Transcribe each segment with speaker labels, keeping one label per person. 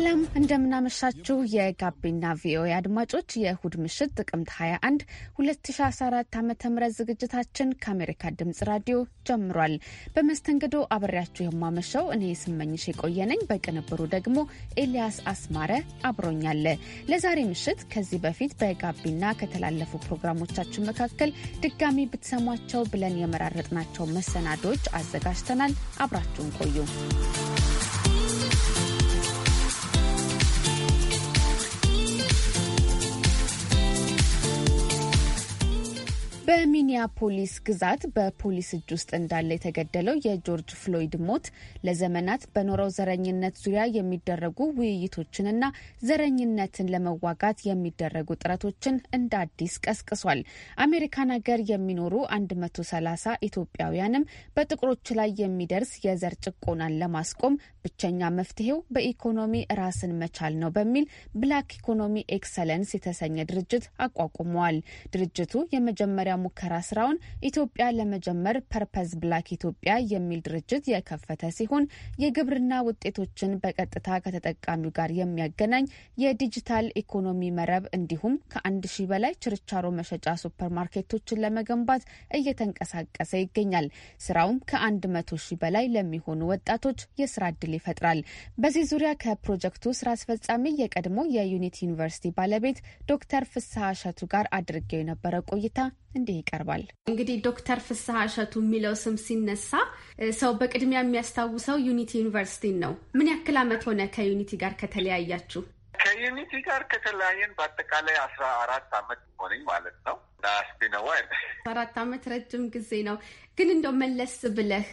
Speaker 1: ሰላም እንደምናመሻችሁ የጋቢና ቪኦኤ አድማጮች የእሁድ ምሽት ጥቅምት 21 2014 ዓ ም ዝግጅታችን ከአሜሪካ ድምጽ ራዲዮ ጀምሯል። በመስተንግዶ አብሬያችሁ የማመሸው እኔ ስመኝሽ የቆየነኝ፣ በቅንብሩ ደግሞ ኤልያስ አስማረ አብሮኛለ። ለዛሬ ምሽት ከዚህ በፊት በጋቢና ከተላለፉ ፕሮግራሞቻችን መካከል ድጋሚ ብትሰሟቸው ብለን የመራረጥናቸው መሰናዶዎች አዘጋጅተናል። አብራችሁን ቆዩ። በሚኒያፖሊስ ግዛት በፖሊስ እጅ ውስጥ እንዳለ የተገደለው የጆርጅ ፍሎይድ ሞት ለዘመናት በኖረው ዘረኝነት ዙሪያ የሚደረጉ ውይይቶችንና ዘረኝነትን ለመዋጋት የሚደረጉ ጥረቶችን እንደ አዲስ ቀስቅሷል። አሜሪካን ሀገር የሚኖሩ 130 ኢትዮጵያውያንም በጥቁሮች ላይ የሚደርስ የዘር ጭቆናን ለማስቆም ብቸኛ መፍትሄው በኢኮኖሚ ራስን መቻል ነው በሚል ብላክ ኢኮኖሚ ኤክሰለንስ የተሰኘ ድርጅት አቋቁመዋል። ድርጅቱ የመጀመሪያ ሙከራ ስራውን ኢትዮጵያ ለመጀመር ፐርፐዝ ብላክ ኢትዮጵያ የሚል ድርጅት የከፈተ ሲሆን የግብርና ውጤቶችን በቀጥታ ከተጠቃሚው ጋር የሚያገናኝ የዲጂታል ኢኮኖሚ መረብ እንዲሁም ከአንድ ሺህ በላይ ችርቻሮ መሸጫ ሱፐር ማርኬቶችን ለመገንባት እየተንቀሳቀሰ ይገኛል። ስራውም ከአንድ መቶ ሺህ በላይ ለሚሆኑ ወጣቶች የስራ እድል ይፈጥራል። በዚህ ዙሪያ ከፕሮጀክቱ ስራ አስፈጻሚ የቀድሞ የዩኒቲ ዩኒቨርሲቲ ባለቤት ዶክተር ፍስሐ እሸቱ ጋር አድርጌው የነበረ ቆይታ እንዲ እንዲህ ይቀርባል። እንግዲህ ዶክተር ፍስሐ እሸቱ የሚለው ስም ሲነሳ ሰው በቅድሚያ የሚያስታውሰው ዩኒቲ ዩኒቨርሲቲን ነው። ምን ያክል ዓመት ሆነ ከዩኒቲ ጋር ከተለያያችሁ?
Speaker 2: ከዩኒቲ ጋር ከተለያየን በአጠቃላይ አስራ አራት ዓመት ሆነኝ ማለት ነው። ናስቢነዋል
Speaker 1: አራት ዓመት ረጅም ጊዜ ነው። ግን እንደው መለስ ብለህ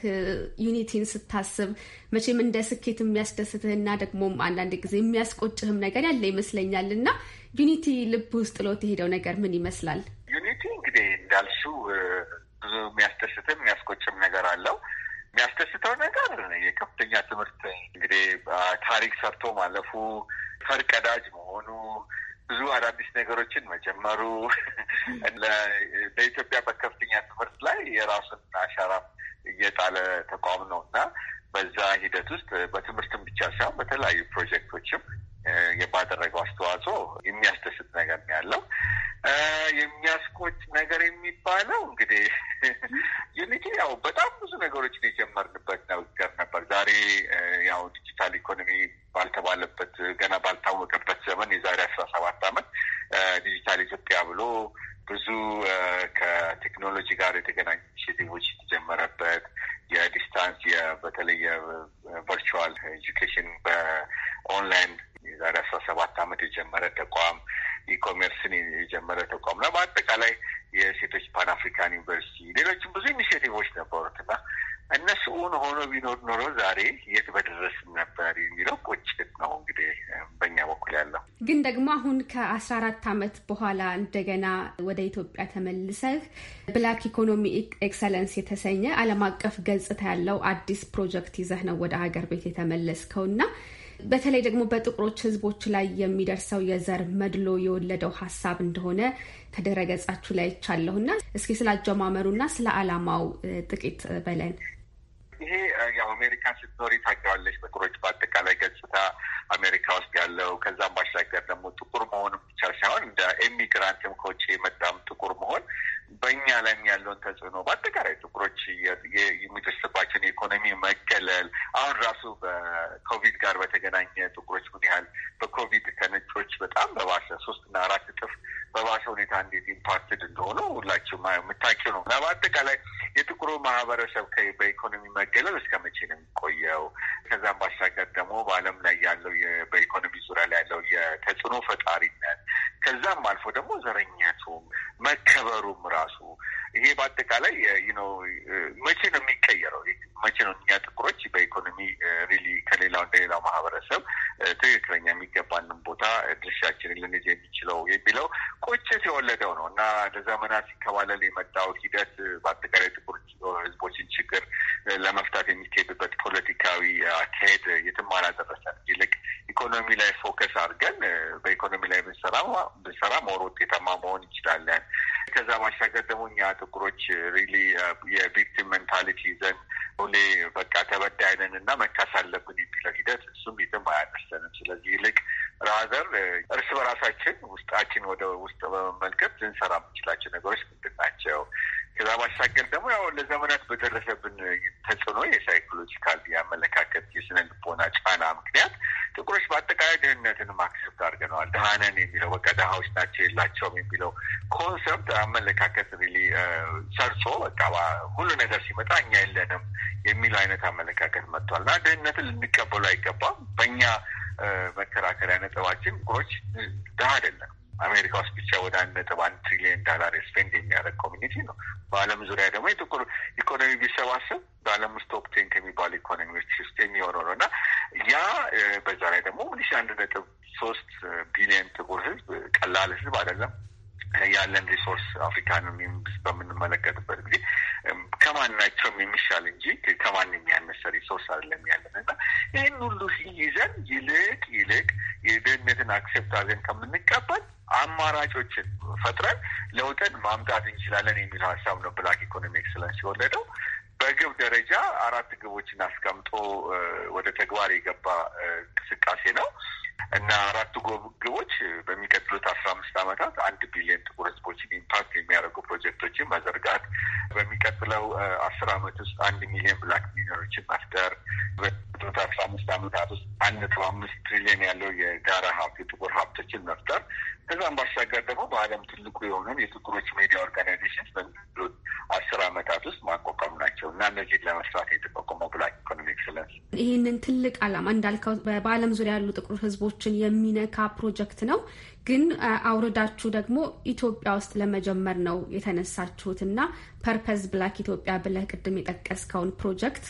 Speaker 1: ዩኒቲን ስታስብ መቼም እንደ ስኬት የሚያስደስትህና ደግሞ አንዳንድ ጊዜ የሚያስቆጭህም ነገር ያለ ይመስለኛል እና ዩኒቲ ልብ ውስጥ ሎት የሄደው ነገር ምን ይመስላል?
Speaker 2: ዩኒቲ እንግዲህ እንዳልሱ ብዙ የሚያስደስትም የሚያስቆጭም ነገር አለው። የሚያስደስተው ነገር የከፍተኛ ትምህርት እንግዲህ ታሪክ ሰርቶ ማለፉ፣ ፈርቀዳጅ መሆኑ፣ ብዙ አዳዲስ ነገሮችን መጀመሩ በኢትዮጵያ በከፍተኛ ትምህርት ላይ የራሱን አሻራ እየጣለ ተቋም ነው እና በዛ ሂደት ውስጥ በትምህርትም ብቻ ሳይሆን በተለያዩ ፕሮጀክቶችም ባደረገው አስተዋጽኦ የሚያስደስት ነገር ነው ያለው። የሚያስቆጭ ነገር የሚባለው እንግዲህ ይልቅ ያው በጣም ብዙ ነገሮችን የጀመርንበት ነገር ነበር ዛሬ
Speaker 1: ከ14 ዓመት በኋላ እንደገና ወደ ኢትዮጵያ ተመልሰህ ብላክ ኢኮኖሚ ኤክሰለንስ የተሰኘ ዓለም አቀፍ ገጽታ ያለው አዲስ ፕሮጀክት ይዘህ ነው ወደ ሀገር ቤት የተመለስከው እና በተለይ ደግሞ በጥቁሮች ህዝቦች ላይ የሚደርሰው የዘር መድሎ የወለደው ሀሳብ እንደሆነ ከድረገጻችሁ ላይ ይቻለሁና እስኪ ስላጀማመሩና ስለ ዓላማው ጥቂት በለን።
Speaker 2: ይሄ ያው አሜሪካን ስትኖሪ ታገዋለች ነገሮች በአጠቃላይ ገጽታ አሜሪካ ውስጥ ያለው ከዛም ባሻገር ደግሞ ጥቁር መሆንም ብቻ ሳይሆን እንደ ኤሚግራንትም ከውጭ የመጣም ጥቁር መሆን በእኛ ላይም ያለውን ተጽዕኖ በአጠቃላይ ጥቁሮች የሚደርስባቸውን የኢኮኖሚ መገለል አሁን ራሱ በኮቪድ ጋር በተገናኘ ጥቁሮች ምን ያህል በኮቪድ ከነጮች በጣም በባሰ ሶስት እና አራት እጥፍ በባሰ ሁኔታ እንዴት ኢምፓክትድ እንደሆኑ ሁላችሁ የምታውቂው ነው እና በአጠቃላይ የጥቁሩ ማህበረሰብ በኢኮኖሚ መገለል እስከ መቼ ነው የሚቆየው? ከዛም ባሻገር ደግሞ በዓለም ላይ ያለው በኢኮኖሚ ዙሪያ ላይ ያለው የተጽዕኖ ፈጣሪነት ከዛም አልፎ ደግሞ ዘረኛቱም መከበሩም ራሱ ይሄ በአጠቃላይ ነው። መቼ ነው የሚቀየረው? መቼ ነው እኛ ጥቁሮች በኢኮኖሚ ሪሊ ከሌላው እንደሌላው ማህበረሰብ ትክክለኛ የሚገባንን ቦታ ድርሻችንን ልንይዝ የሚችለው የሚለው ቁጭት የወለደው ነው እና ለዘመናት ሲከባለል የመጣው ሂደት በአጠቃላይ ጥቁር ህዝቦችን ችግር ለመፍታት የሚካሄድበት ፖለቲካዊ አካሄድ የትም አላደረሰን። ይልቅ ኢኮኖሚ ላይ ፎከስ አድርገን በኢኮኖሚ ላይ ብንሰራ ብንሰራ ሞር ውጤታማ መሆን እንችላለን ከዛ ባሻገር ደግሞ እኛ ጥቁሮች ሪሊ uh, የቪክቲም ሜንታሊቲ ይዘን ሁሌ በቃ ተበዳይ ነን እና መካስ አለብን የሚለው ሂደት እሱም የትም አያደርሰንም። ስለዚህ ይልቅ ራዘር uh, እርስ በራሳችን ውስጣችን ወደ ውስጥ በመመልከት ልንሰራ የምንችላቸው ነገሮች ምንድን ናቸው? ከዛ ባሻገር ደግሞ ያው ለዘመናት በደረሰብን ተጽዕኖ የሳይኮሎጂካል የአመለካከት የስነ ልቦና ጫና ምክንያት ጥቁሮች በአጠቃላይ ድህነትንም ማክሰብት አድርገነዋል። ድሃነን የሚለው በቃ ድሃዎች ናቸው የላቸውም የሚለው ኮንሰፕት አመለካከት ሪሊ ሰርሶ በቃ ሁሉ ነገር ሲመጣ እኛ የለንም የሚለው አይነት አመለካከት መጥቷል እና ድህነትን ልንቀበሉ አይገባም። በእኛ መከራከሪያ ነጥባችን ጥቁሮች ድሃ አይደለም አሜሪካ ውስጥ ብቻ ወደ አንድ ነጥብ አንድ ትሪሊየን ዳላር ስፔንድ የሚያደርግ ኮሚኒቲ ነው። በዓለም ዙሪያ ደግሞ የጥቁር ኢኮኖሚ ቢሰባሰብ በዓለም ውስጥ ቶፕ ቴን ከሚባሉ ኢኮኖሚዎች ውስጥ የሚሆነው ነው እና ያ በዛ ላይ ደግሞ አንድ ነጥብ ሶስት ቢሊየን ጥቁር ህዝብ ቀላል ህዝብ አይደለም። ያለን ሪሶርስ አፍሪካንም በምንመለከትበት ጊዜ ከማናቸውም የሚሻል እንጂ ከማንም ያነሰ ሪሶርስ አይደለም ያለን እና ይህን ሁሉ ይዘን ይልቅ ይልቅ የድህነትን አክሴፕት አድርገን ከምንቀበል አማራጮችን ፈጥረን ለውጠን ማምጣት እንችላለን የሚለው ሀሳብ ነው ብላክ ኢኮኖሚ ኤክስለንስ የወለደው። በግብ ደረጃ አራት ግቦችን አስቀምጦ ወደ ተግባር የገባ እንቅስቃሴ ነው። እና አራቱ ግቦች በሚቀጥሉት አስራ አምስት አመታት አንድ ቢሊዮን ጥቁር ህዝቦችን ኢምፓክት የሚያደርጉ ፕሮጀክቶችን መዘርጋት፣ በሚቀጥለው አስር አመት ውስጥ አንድ ሚሊዮን ብላክ ሚሊዮኖችን መፍጠር፣ በሚቀጥሉት አስራ አምስት አመታት ውስጥ አንድ ነጥብ አምስት ትሪሊዮን ያለው የጋራ ሀብት የጥቁር ሀብቶችን መፍጠር፣ ከዛም ባሻገር ደግሞ በዓለም ትልቁ የሆነን የጥቁሮች ሜዲያ ኦርጋናይዜሽን በሚቀጥሉት አስር አመታት ውስጥ ማቋቋም ናቸው እና
Speaker 1: እነዚህን ለመስራት የተቋቋመው ብላክ ኢኮኖሚክ ኤክሰለንስ ይህንን ትልቅ አላማ እንዳልከው በዓለም ዙሪያ ያሉ ጥቁር ህዝቦች ህዝቦችን የሚነካ ፕሮጀክት ነው። ግን አውርዳችሁ ደግሞ ኢትዮጵያ ውስጥ ለመጀመር ነው የተነሳችሁት እና ፐርፐዝ ብላክ ኢትዮጵያ ብለህ ቅድም የጠቀስከውን ፕሮጀክት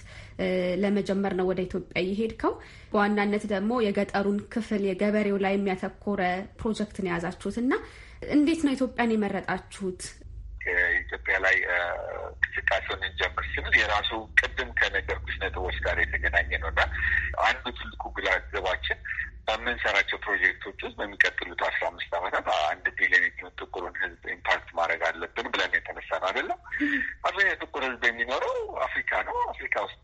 Speaker 1: ለመጀመር ነው ወደ ኢትዮጵያ የሄድከው። በዋናነት ደግሞ የገጠሩን ክፍል የገበሬው ላይ የሚያተኮረ ፕሮጀክትን የያዛችሁት እና እንዴት ነው ኢትዮጵያን የመረጣችሁት?
Speaker 2: ኢትዮጵያ ላይ እንቅስቃሴውን እንጀምር ስንል የራሱ ቅድም ከነገርኩሽ ነጥቦች ጋር የተገናኘ ነው እና አንዱ ትልቁ ግባችን በምንሰራቸው ፕሮጀክቶች ውስጥ በሚቀጥሉት አስራ አምስት ዓመታት አንድ ቢሊዮን ጥቁሩን ህዝብ ኢምፓክት ማድረግ አለብን ብለን የተነሳ ነው አይደለም። አብዛኛው ጥቁር ህዝብ የሚኖረው አፍሪካ ነው። አፍሪካ ውስጥ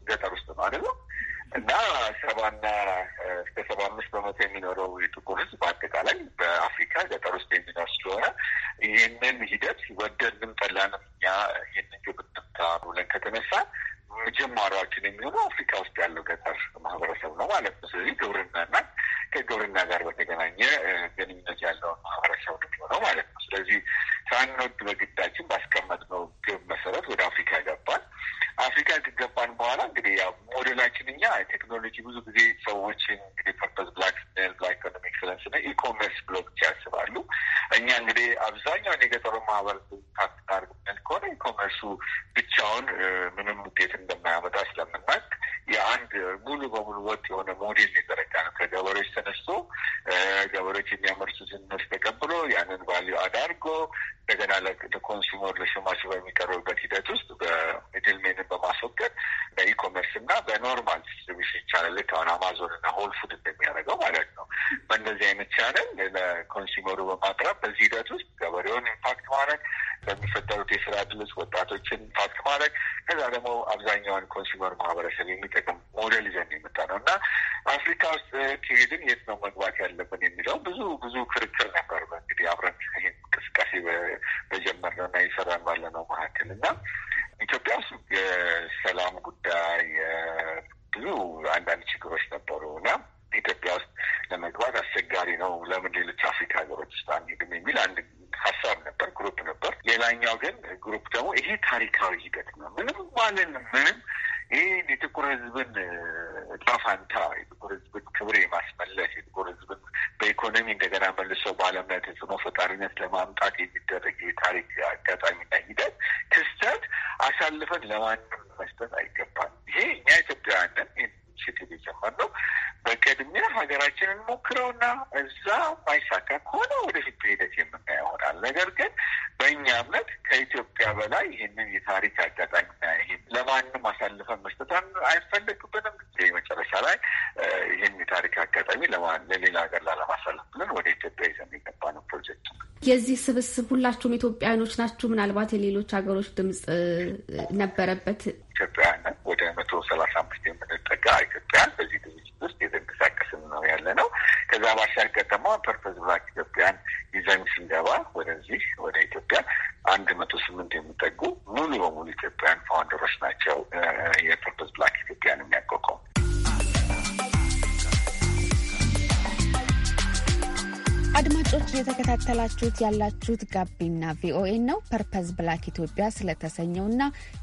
Speaker 2: የተሻለ ለኮንሱመር ለሸማቹ በሚቀርብበት ሂደት ውስጥ በሚድል በማስወገድ በኢኮሜርስ እና በኖርማል ዲስትሪቢሽን ይቻላል። ልክ አሁን አማዞን እና ሆል ፉድ እንደሚያደርገው ማለት ነው። በእንደዚህ አይነት ቻነል ለኮንሱመሩ በማቅረብ በዚህ ሂደት ውስጥ ገበሬውን ኢምፓክት ማድረግ በሚፈጠሩት የስራ ድልስ ወጣቶችን ኢምፓክት ማድረግ ከዛ ደግሞ አብዛኛውን ኮንሱመር ማህበረሰብ የሚጠቅም ሞዴል ይዘን የመጣ ነው እና አፍሪካ ውስጥ ከሄድን የት ነው መግባት ያለብን የሚለው ብዙ ብዙ ክርክር ነበር። እንግዲህ አብረን እንቅስቃሴ በጀመርነው በጀመርነውና እየሰራን ነው መካከል እና ኢትዮጵያ ውስጥ የሰላም ጉዳይ ብዙ አንዳንድ ችግሮች ነበሩ እና ኢትዮጵያ ውስጥ ለመግባት አስቸጋሪ ነው፣ ለምን ሌሎች አፍሪካ ሀገሮች ውስጥ አንሄድም የሚል አንድ ሀሳብ ነበር፣ ግሩፕ ነበር። ሌላኛው ግን ግሩፕ ደግሞ ይሄ ታሪካዊ ሂደት ነው፣ ምንም ማለን ምንም ይህን የጥቁር ህዝብን እጣ ፋንታ የጥቁር ህዝብን ክብር የማስመለስ የጥቁር ህዝብን በኢኮኖሚ እንደገና መልሶ በዓለም ላይ ተጽዕኖ ፈጣሪነት ለማምጣት የሚደረግ የታሪክ አጋጣሚና ሂደት ክስተት አሳልፈን ለማንም መስጠት አይገባም። ይሄ እኛ ኢትዮጵያውያንን ሴት የጀመርነው በቅድሚያ ሀገራችንን ሞክረውና እዛ ማይሳካ ከሆነ ወደፊት ሂደት የምናየው ይሆናል። ነገር ግን በእኛ እምነት ከኢትዮጵያ በላይ ይህንን የታሪክ አጋጣሚና ይህን ለማንም አሳልፈን መስጠት አይፈለግብንም። መጨረሻ ላይ ይህን የታሪክ አጋጣሚ ለሌላ ሀገር ላለማሳለፍ ብለን ወደ ኢትዮጵያ ይዘን የገባ ነው ፕሮጀክቱ።
Speaker 3: የዚህ
Speaker 1: ስብስብ ሁላችሁም ኢትዮጵያውያኖች ናችሁ? ምናልባት የሌሎች ሀገሮች ድምጽ ነበረበት
Speaker 2: ኢትዮጵያውያን ወደ መቶ ሰላሳ አምስት የምንጠጋ ኢትዮጵያን በዚህ ድርጅት ውስጥ የተንቀሳቀስን ነው ያለ ነው። ከዛ ባሻገር ደግሞ ፐርፐዝ ብላክ ኢትዮጵያን ይዘን ስንገባ ወደዚህ ወደ ኢትዮጵያ አንድ መቶ ስምንት የሚጠጉ ሙሉ በሙሉ ኢትዮጵያን ፋውንደሮች ናቸው የፐርፐዝ ብላክ ኢትዮጵያን የሚያቋቋሙ
Speaker 1: አድማጮች እየተከታተላችሁት ያላችሁት ጋቢና ቪኦኤ ነው። ፐርፐዝ ብላክ ኢትዮጵያ ስለተሰኘውና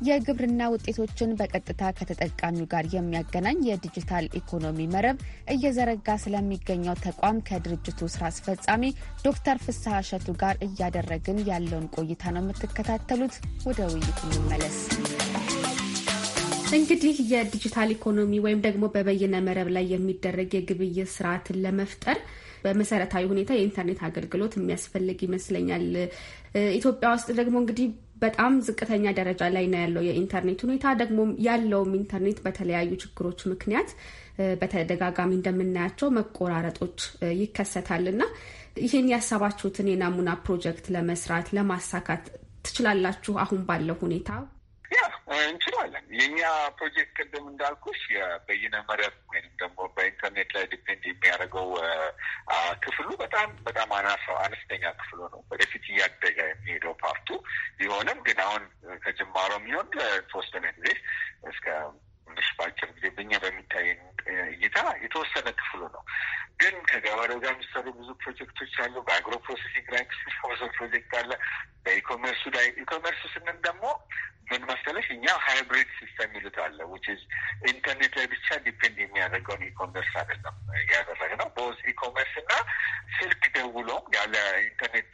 Speaker 1: የግብርና ውጤቶችን በቀጥታ ከተጠቃሚው ጋር የሚያገናኝ የዲጂታል ኢኮኖሚ መረብ እየዘረጋ ስለሚገኘው ተቋም ከድርጅቱ ስራ አስፈጻሚ ዶክተር ፍስሐ እሸቱ ጋር እያደረግን ያለውን ቆይታ ነው የምትከታተሉት። ወደ ውይይት እንመለስ። እንግዲህ የዲጂታል ኢኮኖሚ ወይም ደግሞ በበይነ መረብ ላይ የሚደረግ የግብይት ስርዓትን ለመፍጠር በመሰረታዊ ሁኔታ የኢንተርኔት አገልግሎት የሚያስፈልግ ይመስለኛል። ኢትዮጵያ ውስጥ ደግሞ እንግዲህ በጣም ዝቅተኛ ደረጃ ላይ ነው ያለው የኢንተርኔት ሁኔታ። ደግሞ ያለውም ኢንተርኔት በተለያዩ ችግሮች ምክንያት በተደጋጋሚ እንደምናያቸው መቆራረጦች ይከሰታል እና ይህን ያሰባችሁትን የናሙና ፕሮጀክት ለመስራት ለማሳካት ትችላላችሁ አሁን ባለው ሁኔታ ያ
Speaker 2: እንችላለን። የኛ ፕሮጀክት ቅድም እንዳልኩሽ የበይነ መረብ ወይም ደግሞ በኢንተርኔት ላይ ዲፔንድ የሚያደርገው ክፍሉ በጣም በጣም አናሳው አነስተኛ ክፍሉ ነው። ወደፊት እያደገ የሚሄደው ፓርቱ ቢሆንም ግን አሁን ከጅማሮ የሚሆን ለተወሰነ ጊዜ እስከ ትንሽ ባጭር ጊዜ በኛ በሚታየን እይታ የተወሰነ ክፍሉ ነው። ግን ከገበሬው ጋር የሚሰሩ ብዙ ፕሮጀክቶች አሉ። በአግሮ ፕሮሴሲንግ ላይ ክስፎሶ ፕሮጀክት አለ። በኢኮሜርሱ ላይ ኢኮሜርሱ ስንል ደግሞ ምን መሰለሽ እኛ ሃይብሪድ ሲስተም ይሉት አለ ዊች ኢዝ ኢንተርኔት ላይ ብቻ ዲፔንድ የሚያደርገውን ኢኮሜርስ አይደለም ያደረግነው። በዚ ኢኮሜርስ እና ስልክ ደውሎም ያለ ኢንተርኔት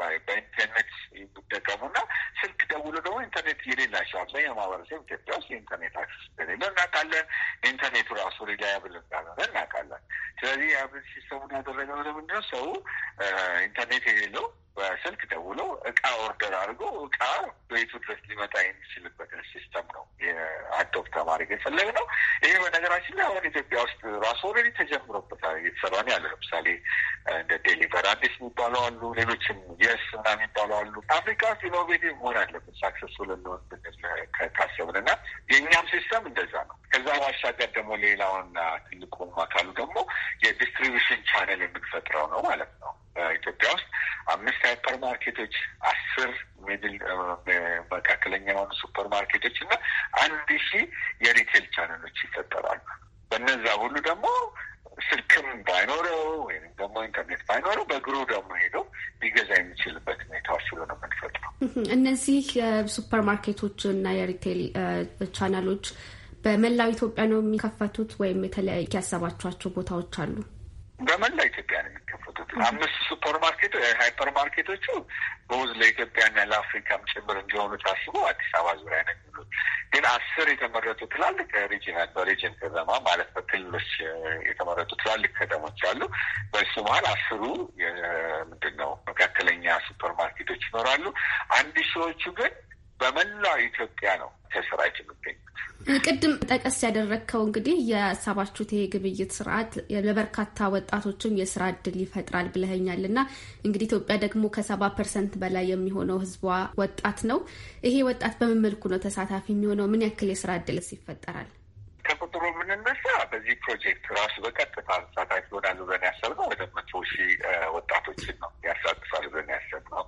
Speaker 2: በኢንተርኔት የሚጠቀሙና ስልክ ደውሎ ደግሞ ኢንተርኔት የሌላቸው አብዛኛው ማህበረሰብ ኢትዮጵያ ውስጥ የኢንተርኔት አክሰስ እናውቃለን። ኢንተርኔቱ ራሱ ሪላያብል እንዳልሆነ እናውቃለን። ስለዚህ የአብሬት ሲስተሙን ያደረገው ለምንድነው ሰው ኢንተርኔት የሌለው በስልክ ደውሎ እቃ ኦርደር አድርጎ እቃ ቤቱ ድረስ ሊመጣ የሚችልበትን ሲስተም ነው የአዶፕ ማድረግ የፈለግ ነው። ይሄ በነገራችን ላይ አሁን ኢትዮጵያ ውስጥ ራሱ ኦልሬዲ ተጀምሮበታል እየተሰራ ነው ያለ። ለምሳሌ እንደ ዴሊቨር አዲስ የሚባሉ አሉ፣ ሌሎችም የስ ና የሚባሉ አሉ። አፍሪካ ውስጥ ኢኖቬቲቭ መሆን አለብን ሳክሰስፉል እንሆን ብንል ከታሰብን እና የእኛም ሲስተም እንደዛ ነው። ከዛ ባሻገር ደግሞ ሌላውና ትልቁ አካሉ ደግሞ የዲስትሪቢሽን ቻነል የምንፈጥረው ነው ማለት ነው። ኢትዮጵያ ውስጥ አምስት ሃይፐር ማርኬቶች፣ አስር ሚድል መካከለኛ የሆኑ ሱፐር ማርኬቶች እና አንድ ሺህ የሪቴል ቻነሎች ይፈጠራሉ። በነዛ ሁሉ ደግሞ ስልክም ባይኖረው ወይም ደግሞ ኢንተርኔት ባይኖረው በእግሩ ደግሞ ሄደው ሊገዛ የሚችልበት ሁኔታዎች ሁሉ
Speaker 1: ነው የምንፈጥረው። እነዚህ የሱፐር ማርኬቶች እና የሪቴል ቻናሎች በመላው ኢትዮጵያ ነው የሚከፈቱት ወይም የተለያዩ ያሰባችኋቸው ቦታዎች
Speaker 4: አሉ?
Speaker 2: በመላ ኢትዮጵያ ነው የሚከፈቱት። አምስት ሱፐር ማርኬቶ ሃይፐር ማርኬቶቹ በውዝ ለኢትዮጵያና ለአፍሪካም ጭምር እንዲሆኑ ታስቦ አዲስ አበባ ዙሪያ ነው የሚሉት። ግን አስር የተመረጡ ትላልቅ ሪጅናል በሪጅን ከተማ ማለት በክልሎች የተመረጡ ትላልቅ ከተሞች አሉ። በሱ መሀል አስሩ ምንድን ነው መካከለኛ ሱፐር ማርኬቶች ይኖራሉ። አንድ ሺዎቹ ግን በመላው ኢትዮጵያ ነው ከስራች የሚገኙት።
Speaker 1: ቅድም ጠቀስ ያደረግከው እንግዲህ የሳባችሁት ይሄ ግብይት ስርዓት ለበርካታ ወጣቶችም የስራ እድል ይፈጥራል ብለኸኛል እና እንግዲህ ኢትዮጵያ ደግሞ ከሰባ ፐርሰንት በላይ የሚሆነው ህዝቧ ወጣት ነው። ይሄ ወጣት በምን መልኩ ነው ተሳታፊ የሚሆነው? ምን ያክል የስራ እድልስ ይፈጠራል? ከቁጥሩ የምንነሳ
Speaker 2: ከዚህ ፕሮጀክት ራሱ በቀጥታ ሳታይት ይሆናሉ ብለን ያሰብነው ወደ መቶ ሺህ ወጣቶችን ነው ያሳትፋል ብለን ያሰብነው።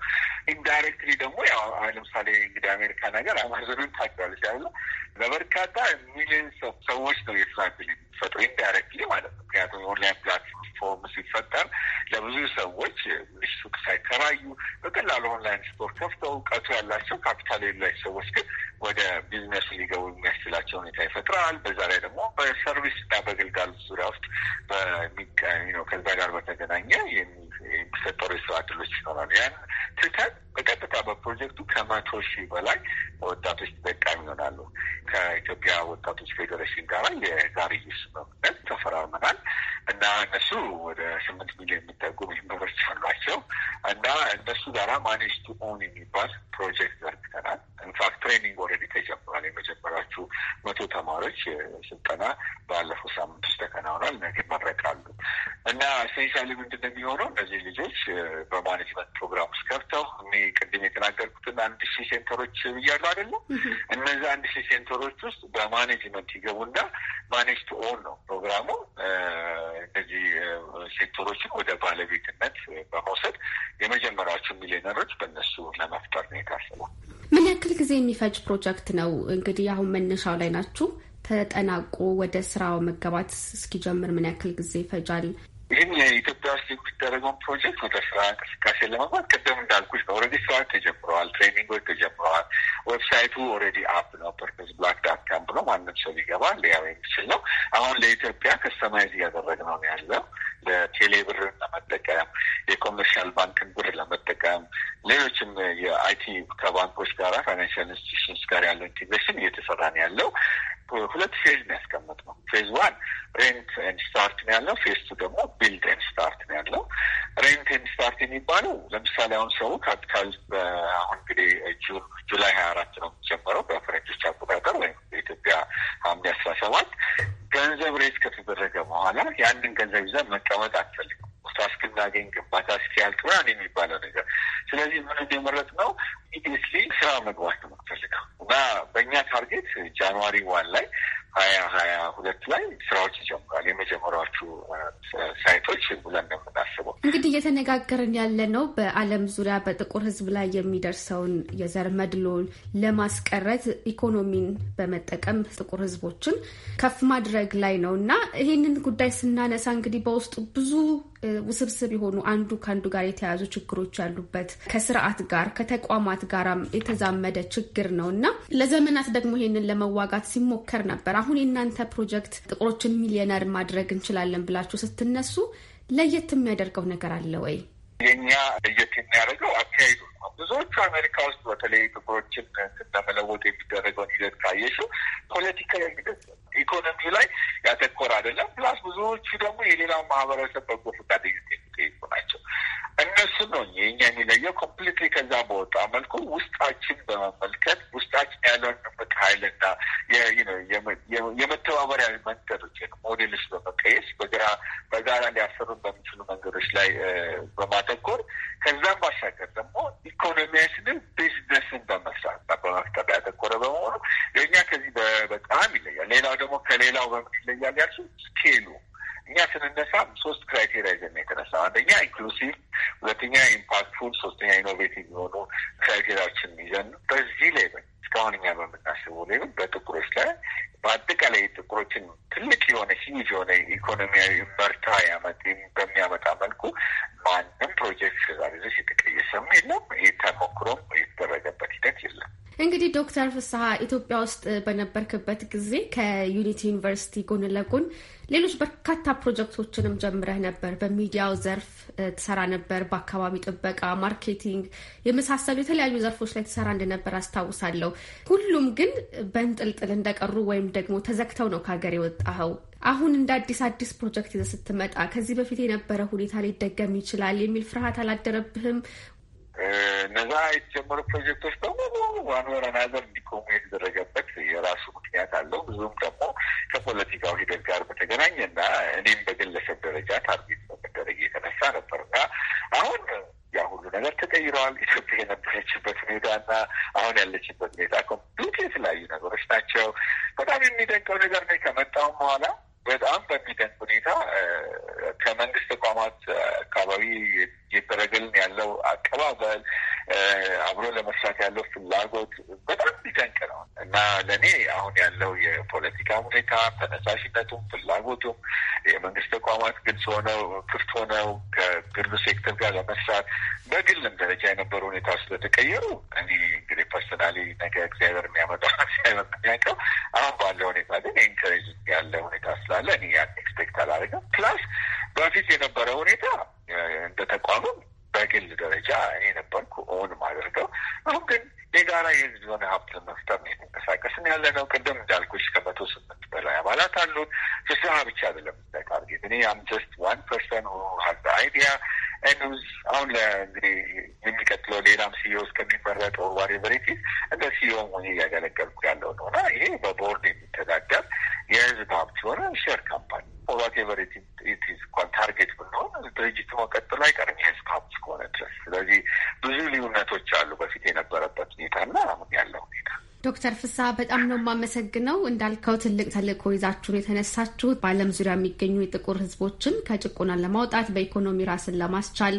Speaker 2: ኢንዳይሬክትሊ ደግሞ ያው ለምሳሌ እንግዲህ አሜሪካ ነገር አማዞንን ታውቂያለሽ ያለ ለበርካታ ሚሊዮንስ ሰዎች ነው የስራ ዕድል የሚፈጥሩ ኢንዳይሬክትሊ ማለት ነው። ምክንያቱም የኦንላይን ፕላትፎርም ሲፈጠር ለብዙ ሰዎች ሱቅ ሳይከራዩ በቀላሉ ኦንላይን ስቶር ከፍተው እውቀቱ ያላቸው ካፒታል የሌላቸው ሰዎች ግን ወደ ቢዝነስ ሊገቡ የሚያስችላቸው ሁኔታ ይፈጥራል። በዛ ላይ ደግሞ በሰርቪስ እና በግልጋሎት ዙሪያ ውስጥ ነው ከዛ ጋር በተገናኘ የሚፈጠሩ የስራ እድሎች ይኖራሉ። ያን ትተን በቀጥታ በፕሮጀክቱ ከመቶ ሺህ በላይ ወጣቶች ተጠቃሚ ይሆናሉ። ከኢትዮጵያ ወጣቶች ፌዴሬሽን ጋር የጋርዮሽ ስምምነት ተፈራርመናል እና እነሱ ወደ ስምንት ሚሊዮን የሚጠጉ ሜምበሮች አሏቸው እና እነሱ ጋራ ማኔጅ ቱ ኦን የሚባል ፕሮጀክት ዘርግተናል። ኢንፋክት ትሬኒንግ ኦልሬዲ ተጀምሯል። የመጀመሪያዎቹ መቶ ተማሪዎች ስልጠና ባለፈው ሳምንት ውስጥ ተከናውኗል። ነገ ይመረቃሉ እና ሴንሻሊ ምንድን ነው የሚሆነው እነዚህ ልጆች በማኔጅመንት ፕሮግራም ውስጥ ገብተው እኔ ቅድም የተናገርኩትን አንድ ሺህ ሴንተሮች ብያለሁ አይደለም እነዚ አንድ ሺህ ሴንተሮች ውስጥ በማኔጅመንት ይገቡና ማኔጅ ቱ ኦን ነው ፕሮግራሙ። እነዚህ ሴንተሮችን ወደ ባለቤትነት በመውሰድ የመጀመሪያቸው ሚሊዮነሮች በእነሱ ለመፍጠር ነው
Speaker 1: የታሰበው። ምን ያክል ጊዜ የሚፈጅ ፕሮጀክት ነው? እንግዲህ አሁን መነሻው ላይ ናችሁ። ተጠናቆ ወደ ስራው መገባት እስኪጀምር ምን ያክል ጊዜ ይፈጃል?
Speaker 2: ይህም የኢትዮጵያ ውስጥ የሚደረገውን ፕሮጀክት ወደ ስራ እንቅስቃሴ ለመግባት ቅድም እንዳልኩች ነው። ኦልሬዲ ስራዎች ተጀምረዋል፣ ትሬኒንጎች ተጀምረዋል። ዌብሳይቱ ኦልሬዲ አፕ ነው። ፐርፐዝ ብላክ ዳት ካም ብሎ ማንም ሰው ሊገባ ሊያው የሚችል ነው። አሁን ለኢትዮጵያ ከስተማይዝ እያደረግ ነው ያለው ለቴሌ ብርን ለመጠቀም የኮመርሻል ባንክን ብር ለመጠቀም ሌሎችም የአይቲ ከባንኮች ጋራ ፋይናንሽል ኢንስቲቱሽንስ ጋር ያለው ኢንቴግሬሽን እየተሰራ ነው ያለው። ሁለት ፌዝ ነው ነው ፌዝ ዋን ሬንት ኤንድ ስታርት ነው ያለው። ፌስ ቱ ደግሞ ቢልድ ኤንድ ስታርት ነው ያለው። ሬንት ኤንድ ስታርት የሚባለው ለምሳሌ አሁን ሰው ካፒታል አሁን እንግዲህ ጁላይ ሀያ አራት ነው የሚጀምረው በፈረንጆች አቆጣጠር ወይም በኢትዮጵያ ሐምሌ አስራ ሰባት ገንዘብ ሬት ከተደረገ በኋላ ያንን ገንዘብ ይዘን መቀመጥ አትፈልግም። ቦታ እስክናገኝ ግንባታ እስኪያልቅ ምናምን የሚባለው ነገር። ስለዚህ ምን እንደመረጥ ነው ኢዲስሊ ስራ መግባት ነው የምትፈልገው እና በእኛ ታርጌት ጃንዋሪ ዋን ላይ
Speaker 1: እየተነጋገርን ያለ ነው በዓለም ዙሪያ በጥቁር ሕዝብ ላይ የሚደርሰውን የዘር መድሎ ለማስቀረት ኢኮኖሚን በመጠቀም ጥቁር ሕዝቦችን ከፍ ማድረግ ላይ ነው እና ይህንን ጉዳይ ስናነሳ እንግዲህ በውስጡ ብዙ ውስብስብ የሆኑ አንዱ ከአንዱ ጋር የተያያዙ ችግሮች ያሉበት ከስርዓት ጋር ከተቋማት ጋራም የተዛመደ ችግር ነው እና ለዘመናት ደግሞ ይህንን ለመዋጋት ሲሞከር ነበር። አሁን የእናንተ ፕሮጀክት ጥቁሮችን ሚሊዮነር ማድረግ እንችላለን ብላችሁ ስትነሱ ለየት የሚያደርገው ነገር አለ ወይ?
Speaker 2: የኛ ለየት የሚያደርገው አካሄዱ ነው። ብዙዎቹ አሜሪካ ውስጥ በተለይ ጥቁሮችን ለመለወጥ የሚደረገውን ሂደት ካየሽው ፖለቲካ የሚደት ኢኮኖሚ ላይ ያተኮር አይደለም። ፕላስ ብዙዎቹ ደግሞ የሌላው ማህበረሰብ በጎ ፈቃደኝነት ህዝብ ናቸው። እነሱን ነው የኛ የሚለየው። ኮምፕሊት ከዛ በወጣ መልኩ ውስጣችን በመመልከት ውስጣችን ያለውን ምቅ ሀይልና የመተባበሪያ መንገዶችን ሞዴልስ በመቀየስ በግራ በጋራ ሊያሰሩ በሚችሉ መንገዶች ላይ በማተኮር ከዛም ባሻገር ደግሞ ኢኮኖሚያዊ ስንል ቢዝነስን በመስራትና በመፍጠር ያተኮረ በመሆኑ የእኛ ከዚህ በጣም ይለያል። ሌላው ደግሞ ከሌላው በምን ይለያል ያልሱ ስኬሉ እኛ ስንነሳ ሶስት ክራይቴሪያ ይዘን የተነሳ አንደኛ ኢንክሉሲቭ፣ ሁለተኛ ኢምፓክትፉል፣ ሶስተኛ ኢኖቬቲቭ የሆኑ ክራይቴሪያዎችን ይዘን በዚህ ላይ እስካሁን እኛ በምናስበው ላይ በጥቁሮች ላይ በአጠቃላይ ጥቁሮችን ትልቅ የሆነ ሂጅ የሆነ ኢኮኖሚያዊ መርታ ያመ በሚያመጣ መልኩ ማንም ፕሮጀክት ዛሬ ድረስ የተቀየሰም የለም። ይህ
Speaker 1: እንግዲህ ዶክተር ፍስሀ ኢትዮጵያ ውስጥ በነበርክበት ጊዜ ከዩኒቲ ዩኒቨርሲቲ ጎን ለጎን ሌሎች በርካታ ፕሮጀክቶችንም ጀምረህ ነበር። በሚዲያው ዘርፍ ትሰራ ነበር። በአካባቢ ጥበቃ፣ ማርኬቲንግ የመሳሰሉ የተለያዩ ዘርፎች ላይ ትሰራ እንደነበር አስታውሳለሁ። ሁሉም ግን በንጥልጥል እንደቀሩ ወይም ደግሞ ተዘግተው ነው ከሀገር የወጣኸው። አሁን እንደ አዲስ አዲስ ፕሮጀክት ይዘህ ስትመጣ ከዚህ በፊት የነበረ ሁኔታ ሊደገም ይችላል የሚል ፍርሃት አላደረብህም
Speaker 2: እነዛ የተጀመሩ ፕሮጀክቶች በሙሉ ዋን ወር እንዲቆሙ የተደረገበት የራሱ ምክንያት አለው። ብዙም ደግሞ ከፖለቲካው ሂደት ጋር በተገናኘና እኔም በግለሰብ ደረጃ ታርጌት በመደረግ የተነሳ ነበር እና አሁን ያ ሁሉ ነገር ተቀይረዋል። ኢትዮጵያ የነበረችበት ሁኔታና አሁን ያለችበት ሁኔታ ኮምፕሊት የተለያዩ ነገሮች ናቸው። በጣም የሚደንቀው ነገር ነ ከመጣውም በኋላ በጣም በሚደንቅ ሁኔታ ከመንግስት ተቋማት አካባቢ እየተደረገልን ያለው አቀባበል፣ አብሮ ለመስራት ያለው ፍላጎት በጣም የሚደንቅ ነው እና ለእኔ አሁን ያለው የፖለቲካ ሁኔታ ተነሳሽነቱም ፍላጎቱም የመንግስት ተቋማት ግልጽ ሆነው ክፍት ሆነው ከግሉ ሴክተር ጋር ለመስራት በግልም ደረጃ የነበሩ ሁኔታ ስለተቀየሩ እኔ እንግዲህ ፐርሰናሊ ነገ እግዚአብሔር የሚያመጣው አሁን ባለው ሁኔታ ግን ኤንከሬጅ ያለ ሁኔታ ስላለ እኔ ያን ኤክስፔክት አላደርግም። ፕላስ በፊት የነበረ ሁኔታ እንደ ተቋምም በግል ደረጃ እኔ ነበርኩ ኦን ማድርገው። አሁን ግን የጋራ የህዝብ የሆነ ሀብት ለመፍጠር ነው የተንቀሳቀስን ያለ ነው። ቅድም እንዳልኩሽ ከመቶ ስምንት በላይ አባላት አሉን። ፍስሀ ብቻ አይደለም ታርጌት እኔ አም ጀስት ዋን ፐርሰን ሀዘ አይዲያ ኒውዝ አሁን ለእንግዲህ የሚቀጥለው ሌላም ሲዮ እስከሚመረጥ ኦርዋር ኤቨሬቲ እንደ ሲዮ ሆኜ እያገለገልኩ ያለው ነውና ይሄ በቦርድ የሚተዳደር የህዝብ ሀብት የሆነ ሼር ካምፓኒ ኦርዋት ኤቨሬቲ
Speaker 1: ዶክተር ፍስሀ በጣም ነው የማመሰግነው። እንዳልከው ትልቅ ተልእኮ ይዛችሁን የተነሳችሁት በዓለም ዙሪያ የሚገኙ የጥቁር ሕዝቦችን ከጭቆና ለማውጣት በኢኮኖሚ ራስን ለማስቻል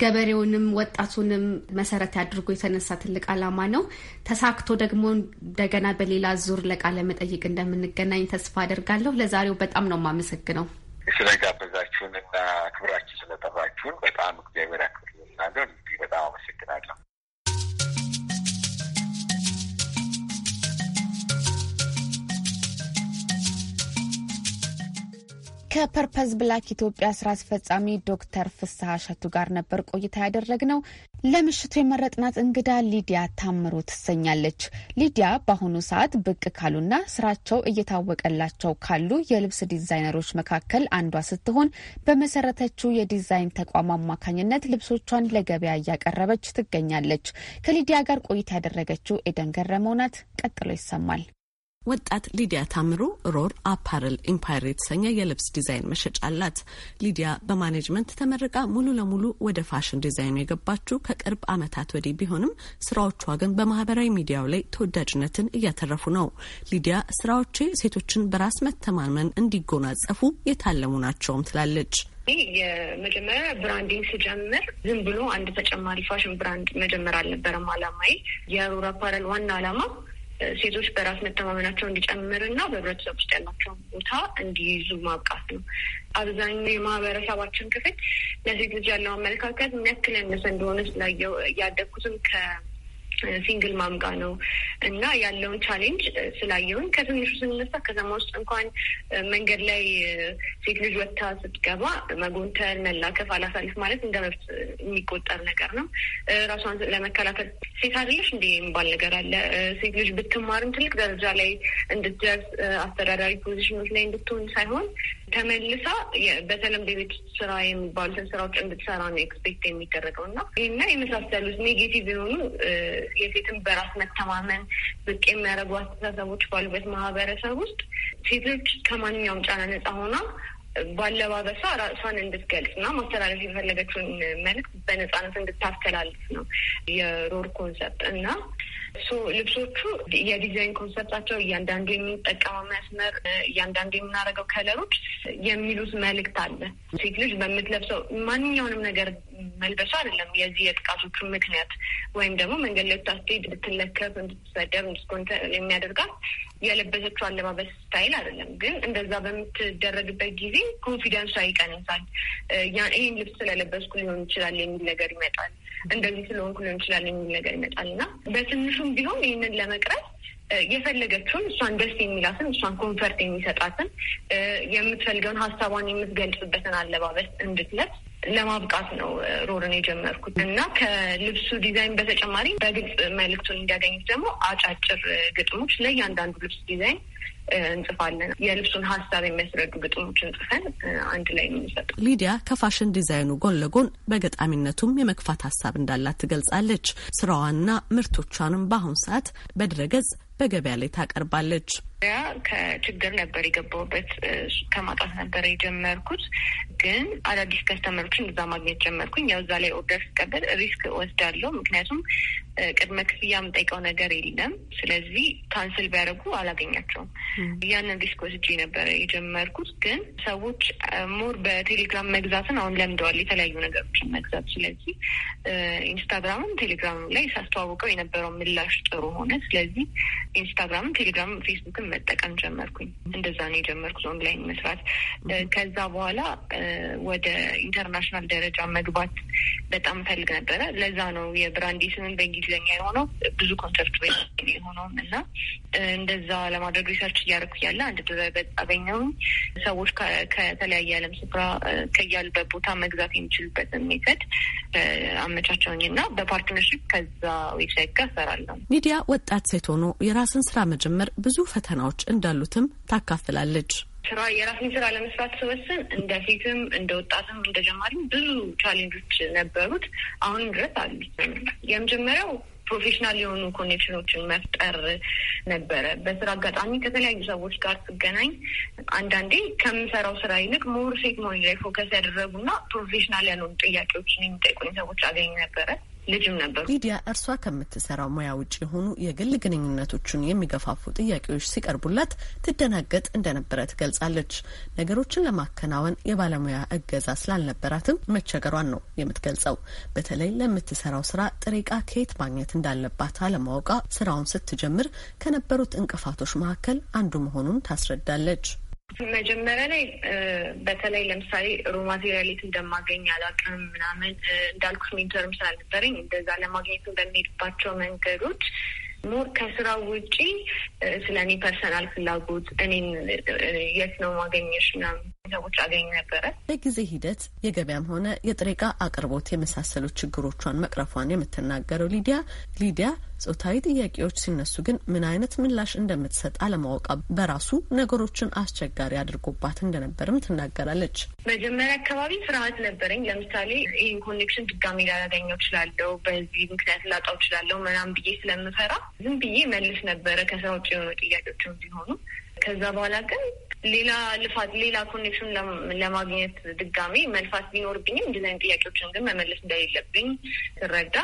Speaker 1: ገበሬውንም ወጣቱንም መሰረት ያድርጎ የተነሳ ትልቅ ዓላማ ነው። ተሳክቶ ደግሞ እንደገና በሌላ ዙር ለቃለ መጠይቅ እንደምንገናኝ ተስፋ አደርጋለሁ። ለዛሬው በጣም ነው የማመሰግነው
Speaker 2: ስለጋበዛችሁን እና ክብራችሁ ስለጠራችሁን በጣም እግዚአብሔር
Speaker 1: ከፐርፐዝ ብላክ ኢትዮጵያ ስራ አስፈጻሚ ዶክተር ፍስሐ ሸቱ ጋር ነበር ቆይታ ያደረግነው። ለምሽቱ የመረጥናት እንግዳ ሊዲያ ታምሮ ትሰኛለች። ሊዲያ በአሁኑ ሰዓት ብቅ ካሉና ስራቸው እየታወቀላቸው ካሉ የልብስ ዲዛይነሮች መካከል አንዷ ስትሆን በመሰረተችው የዲዛይን ተቋም አማካኝነት ልብሶቿን ለገበያ እያቀረበች ትገኛለች። ከሊዲያ ጋር ቆይታ ያደረገችው ኤደን ገረመውናት ቀጥሎ ይሰማል።
Speaker 4: ወጣት ሊዲያ ታምሩ ሮር አፓረል ኢምፓየር የተሰኘ የልብስ ዲዛይን መሸጫ አላት። ሊዲያ በማኔጅመንት ተመርቃ ሙሉ ለሙሉ ወደ ፋሽን ዲዛይኑ የገባችው ከቅርብ ዓመታት ወዲህ ቢሆንም ስራዎቿ ግን በማህበራዊ ሚዲያው ላይ ተወዳጅነትን እያተረፉ ነው። ሊዲያ ስራዎቼ ሴቶችን በራስ መተማመን እንዲጎናጸፉ የታለሙ ናቸውም ትላለች።
Speaker 3: የመጀመሪያ ብራንዲንግ ስጀምር ዝም ብሎ አንድ ተጨማሪ ፋሽን ብራንድ መጀመር አልነበረም አላማዬ። የሮር አፓረል ዋና አላማ ሴቶች በራስ መተማመናቸው እንዲጨምር እና በህብረተሰብ ውስጥ ያላቸውን ቦታ እንዲይዙ ማብቃት ነው። አብዛኛው የማህበረሰባችን ክፍል ለሴት ልጅ ያለው አመለካከት ምን ያክል ያነሰ እንደሆነ ስላየው እያደግኩትም ሲንግል ማምጋ ነው እና ያለውን ቻሌንጅ ስላየውን ከትንሹ ስንነሳ ከተማ ውስጥ እንኳን መንገድ ላይ ሴት ልጅ ወታ ስትገባ መጎንተል፣ መላከፍ፣ አላሳልፍ ማለት እንደ መብት የሚቆጠር ነገር ነው። ራሷን ለመከላከል ሴት አይደለሽ እንዲ የሚባል ነገር አለ። ሴት ልጅ ብትማርም ትልቅ ደረጃ ላይ እንድትደርስ አስተዳዳሪ ፖዚሽኖች ላይ እንድትሆን ሳይሆን ተመልሳ በተለምዶ የቤት ስራ የሚባሉትን ስራዎች እንድትሰራ ነው ኤክስፔክት የሚደረገው እና ይህና የመሳሰሉት ኔጌቲቭ የሆኑ የሴትን በራስ መተማመን ብቅ የሚያደርጉ አስተሳሰቦች ባሉበት ማህበረሰብ ውስጥ ሴቶች ከማንኛውም ጫና ነጻ ሆና ባለባበሷ ራሷን እንድትገልጽ እና ማስተላለፍ የፈለገችውን መልዕክት በነጻነት እንድታስተላልፍ ነው የሮር ኮንሰፕት እና ልብሶቹ የዲዛይን ኮንሰፕታቸው እያንዳንዱ የምንጠቀመው መስመር፣ እያንዳንዱ የምናደርገው ከለሮች የሚሉት መልእክት አለ። ሴት ልጅ በምትለብሰው ማንኛውንም ነገር መልበሱ አይደለም የዚህ የጥቃቶቹ ምክንያት ወይም ደግሞ መንገድ ላይ ብታስሄድ ብትለከፍ፣ እንድትሰደብ፣ እንድትኮንተ የሚያደርጋት የለበሰችው አለባበስ ስታይል አይደለም። ግን እንደዛ በምትደረግበት ጊዜ ኮንፊደንሷ ይቀንሳል። ይህን ልብስ ስለለበስኩ ሊሆን ይችላል የሚል ነገር ይመጣል። እንደዚህ ስለሆንኩ ሊሆን ይችላል የሚል ነገር ይመጣል እና በትንሹም ቢሆን ይህንን ለመቅረፍ የፈለገችውን እሷን ደስ የሚላትን እሷን ኮንፈርት የሚሰጣትን የምትፈልገውን ሀሳቧን የምትገልጽበትን አለባበስ እንድትለብስ ለማብቃት ነው ሮርን የጀመርኩት እና ከልብሱ ዲዛይን በተጨማሪ በግልጽ መልእክቱን እንዲያገኙት ደግሞ አጫጭር ግጥሞች ለእያንዳንዱ ልብስ ዲዛይን እንጽፋለን። የልብሱን ሀሳብ የሚያስረዱ ግጥሞች እንጽፈን አንድ ላይ የምንሰጥ።
Speaker 4: ሊዲያ ከፋሽን ዲዛይኑ ጎን ለጎን በገጣሚነቱም የመግፋት ሀሳብ እንዳላት ትገልጻለች። ስራዋና ምርቶቿንም በአሁኑ ሰዓት በድረገጽ በገበያ ላይ ታቀርባለች።
Speaker 3: ያ ከችግር ነበር የገባሁበት ከማጣት ነበር የጀመርኩት። ግን አዳዲስ ከስተመሮችን እዛ ማግኘት ጀመርኩኝ። ያው እዛ ላይ ኦርደር ስቀበል ሪስክ ወስዳለሁ። ምክንያቱም ቅድመ ክፍያ የምጠይቀው ነገር የለም። ስለዚህ ካንስል ቢያደርጉ አላገኛቸውም። ያንን ሪስክ ወስጄ ነበረ የጀመርኩት። ግን ሰዎች ሞር በቴሌግራም መግዛትን አሁን ለምደዋል፣ የተለያዩ ነገሮችን መግዛት። ስለዚህ ኢንስታግራምም ቴሌግራም ላይ ሳስተዋውቀው የነበረው ምላሽ ጥሩ ሆነ። ስለዚህ ኢንስታግራምም ቴሌግራምም ፌስቡክም መጠቀም ጀመርኩኝ። እንደዛ ነው የጀመርኩት ኦንላይን መስራት። ከዛ በኋላ ወደ ኢንተርናሽናል ደረጃ መግባት በጣም ፈልግ ነበረ። ለዛ ነው የብራንዴ ስምን በእንግሊዝኛ የሆነው ብዙ ኮንሰርት የሆነውም እና እንደዛ ለማድረግ ሪሰርች እያደረኩ ያለ አንድ ድረ ገጽ አገኘሁኝ። ሰዎች ከተለያየ ዓለም ስፍራ ከያሉበት ቦታ መግዛት የሚችሉበትን ሜተድ አመቻቸውኝ እና በፓርትነርሽፕ ከዛ ዌብሳይት ጋር ሰራለሁ።
Speaker 4: ሚዲያ ወጣት ሴት ሆኖ የራስን ስራ መጀመር ብዙ ፈተና ፈተናዎች እንዳሉትም ታካፍላለች።
Speaker 3: ስራ የራስን ስራ ለመስራት ስወስን እንደ ሴትም እንደ ወጣትም እንደ ጀማሪም ብዙ ቻሌንጆች ነበሩት፣ አሁንም ድረስ አሉ። የመጀመሪያው ፕሮፌሽናል የሆኑ ኮኔክሽኖችን መፍጠር ነበረ። በስራ አጋጣሚ ከተለያዩ ሰዎች ጋር ስገናኝ አንዳንዴ ከምሰራው ስራ ይልቅ ሞር ሴት መሆኔ ላይ ፎከስ ያደረጉና ፕሮፌሽናል ያልሆኑ ጥያቄዎችን የሚጠይቁኝ ሰዎች አገኝ ነበረ። ልጅም ነበሩ።
Speaker 4: ሊዲያ እርሷ ከምትሰራው ሙያ ውጭ የሆኑ የግል ግንኙነቶችን የሚገፋፉ ጥያቄዎች ሲቀርቡላት ትደናገጥ እንደነበረ ትገልጻለች። ነገሮችን ለማከናወን የባለሙያ እገዛ ስላልነበራትም መቸገሯን ነው የምትገልጸው። በተለይ ለምትሰራው ስራ ጥሬ ዕቃ ከየት ማግኘት እንዳለባት አለማወቃ ስራውን ስትጀምር ከነበሩት እንቅፋቶች መካከል አንዱ መሆኑን ታስረዳለች።
Speaker 3: መጀመሪያ ላይ በተለይ ለምሳሌ ሮማቴሪያል እንደማገኝ አላውቅም ምናምን እንዳልኩት ሚንተርም ስላልነበረኝ እንደዛ ለማግኘት በሚሄድባቸው መንገዶች ሞር ከስራ ውጪ ስለ እኔ ፐርሰናል ፍላጎት እኔን የት ነው ማገኘሽ ምናምን ሰዎች አገኝ ነበረ።
Speaker 4: በጊዜ ሂደት የገበያም ሆነ የጥሬ ዕቃ አቅርቦት የመሳሰሉ ችግሮቿን መቅረፏን የምትናገረው ሊዲያ ሊዲያ ጾታዊ ጥያቄዎች ሲነሱ ግን ምን አይነት ምላሽ እንደምትሰጥ አለማወቃ በራሱ ነገሮችን አስቸጋሪ አድርጎባት እንደነበርም ትናገራለች።
Speaker 3: መጀመሪያ አካባቢ ፍርሃት ነበረኝ። ለምሳሌ ይህን ኮኔክሽን ድጋሚ ላላገኘው እችላለሁ፣ በዚህ ምክንያት ላጣው እችላለሁ ምናምን ብዬ ስለምፈራ ዝም ብዬ መልስ ነበረ ከሰዎች የሆኑ ጥያቄዎችም ቢሆኑ ከዛ በኋላ ግን ሌላ ልፋት፣ ሌላ ኮኔክሽን ለማግኘት ድጋሜ መልፋት ቢኖርብኝም አይነት ጥያቄዎችን ግን መመለስ እንደሌለብኝ ስረዳ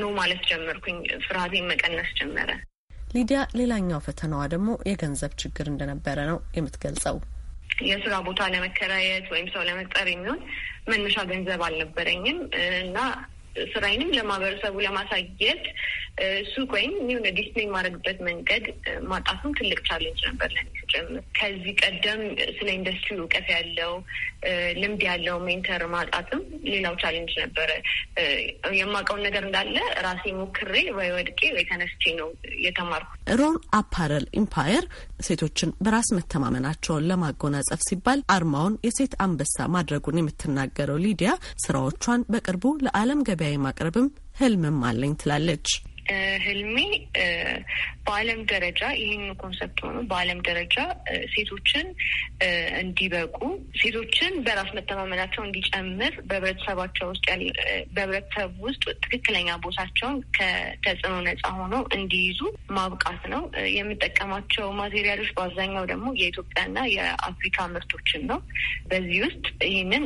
Speaker 3: ኖ ማለት ጀመርኩኝ። ፍርሃቴን መቀነስ ጀመረ።
Speaker 4: ሊዲያ ሌላኛው ፈተናዋ ደግሞ የገንዘብ ችግር እንደነበረ ነው የምትገልጸው።
Speaker 3: የስራ ቦታ ለመከራየት ወይም ሰው ለመቅጠር የሚሆን መነሻ ገንዘብ አልነበረኝም እና ስራዬንም ለማህበረሰቡ ለማሳየት ሱቅ ወይም የሆነ ዲስፕሌይ የማደርግበት መንገድ ማጣቱም ትልቅ ቻሌንጅ ነበር ለኔ ከዚህ ቀደም ስለ ኢንዱስትሪ እውቀት ያለው ልምድ ያለው ሜንተር ማጣትም ሌላው ቻሌንጅ ነበረ። የማውቀውን ነገር እንዳለ ራሴ ሞክሬ ወይ ወድቄ ወይ ተነስቼ ነው የተማርኩት።
Speaker 4: ሮን አፓረል ኢምፓየር ሴቶችን በራስ መተማመናቸውን ለማጎናጸፍ ሲባል አርማውን የሴት አንበሳ ማድረጉን የምትናገረው ሊዲያ ስራዎቿን በቅርቡ ለአለም ገበያ ጉዳይ ማቅረብም ህልምም አለኝ ትላለች።
Speaker 3: ህልሜ በዓለም ደረጃ ይህን ኮንሰፕት ሆኖ በዓለም ደረጃ ሴቶችን እንዲበቁ ሴቶችን በራስ መተማመናቸው እንዲጨምር በህብረተሰባቸው ውስጥ በህብረተሰብ ውስጥ ትክክለኛ ቦታቸውን ከተጽዕኖ ነጻ ሆነው እንዲይዙ ማብቃት ነው። የምጠቀማቸው ማቴሪያሎች በአብዛኛው ደግሞ የኢትዮጵያና የአፍሪካ ምርቶችን ነው። በዚህ ውስጥ ይህንን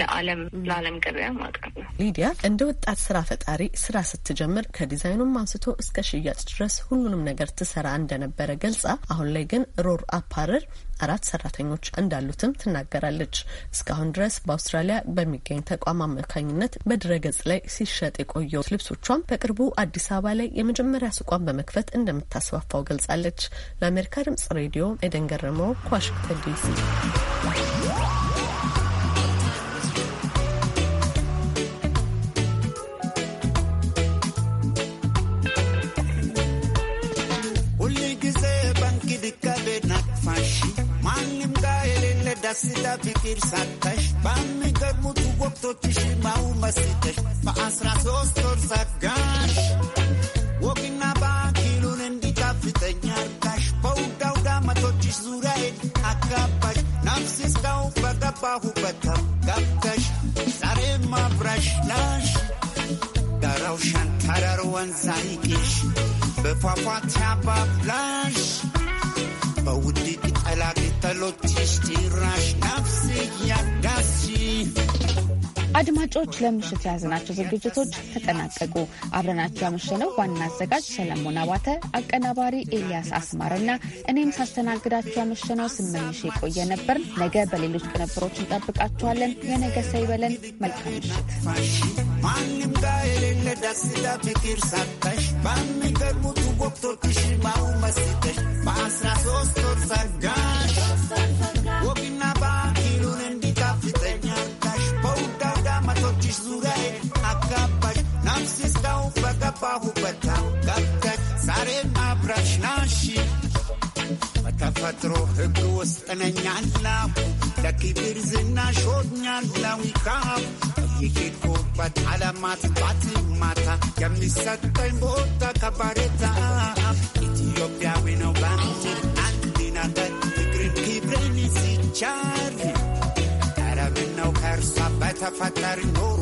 Speaker 3: ለዓለም ለዓለም ገበያ ማቅረብ ነው።
Speaker 4: ሊዲያ እንደ ወጣት ስራ ፈጣሪ ስራ ስትጀምር ከዲዛይን ዲዛይኑም አንስቶ እስከ ሽያጭ ድረስ ሁሉንም ነገር ትሰራ እንደነበረ ገልጻ አሁን ላይ ግን ሮር አፓረር አራት ሰራተኞች እንዳሉትም ትናገራለች። እስካሁን ድረስ በአውስትራሊያ በሚገኝ ተቋም አማካኝነት በድረገጽ ላይ ሲሸጥ የቆየው ልብሶቿም በቅርቡ አዲስ አበባ ላይ የመጀመሪያ ሱቋን በመክፈት እንደምታስፋፋው ገልጻለች። ለአሜሪካ ድምጽ ሬዲዮ ኤደን ገረመው ከዋሽንግተን ዲሲ
Speaker 5: ቢከብድ ናቅፋሽ ማንም ጋር የሌለ ደስታ ፍቅር ሳታሽ በሚገርሙት ወቅቶችሽ ማው መስጠሽ በአስራ ሶስት ወር ሰጋሽ ወግና ባኪሉን እንዲጣፍጠኝ አርጋሽ በውድ አውዳመቶችሽ ዙሪያዬን አጋባሽ ነፍስ እስካሁን በገባሁበት ገብተሽ ዛሬ ማብራሽ ናሽ ዳራው ሸንተረር ወንዝ አይቅሽ በፏፏቴ አባብላሽ but would it I like it a lot tasty I've seen ya gassy.
Speaker 1: አድማጮች፣ ለምሽት የያዝናቸው ዝግጅቶች ተጠናቀቁ። አብረናቸው ያመሸነው ዋና አዘጋጅ ሰለሞን አባተ፣ አቀናባሪ ኤልያስ አስማርና እኔም ሳስተናግዳቸው ያመሸነው ስመኝሽ የቆየ ነበር። ነገ በሌሎች ቅንብሮች እንጠብቃችኋለን። የነገ ሰው ይበለን። መልካም
Speaker 5: ምሽት። ማንም ጋር የሌለ ደስታ ፍቅር ሳታሽ በሚገርሙት ወቅቶችሽ ማው መስጠሽ በአስራ ሶስት ወር ጸጋሽ ተፈጥሮ ሕግ ውስጥ ነኝ አላሁ ለክብር ዝናሽ ሆኛለሁ ይካሁ የሄድኩበት ባት ማታ የሚሰጠኝ ቦታ ከባሬታ ኢትዮጵያዊ ነው ባንቲ አንድ ነገር ፍቅር ክብርን ሲቻል ነው ከእርሷ በተፈጠር ኖሩ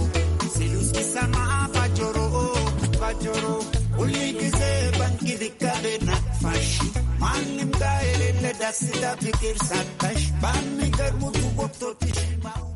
Speaker 5: ሲሉ ሲሰማ ባጆሮ ባጆሮ ሁል ጊዜ ባንኪ ገቤ ናፋሽ ማንም ጋር የሌለ ደስታ ፍቅር ሳታሽ በሚገርሙት ወቅቶች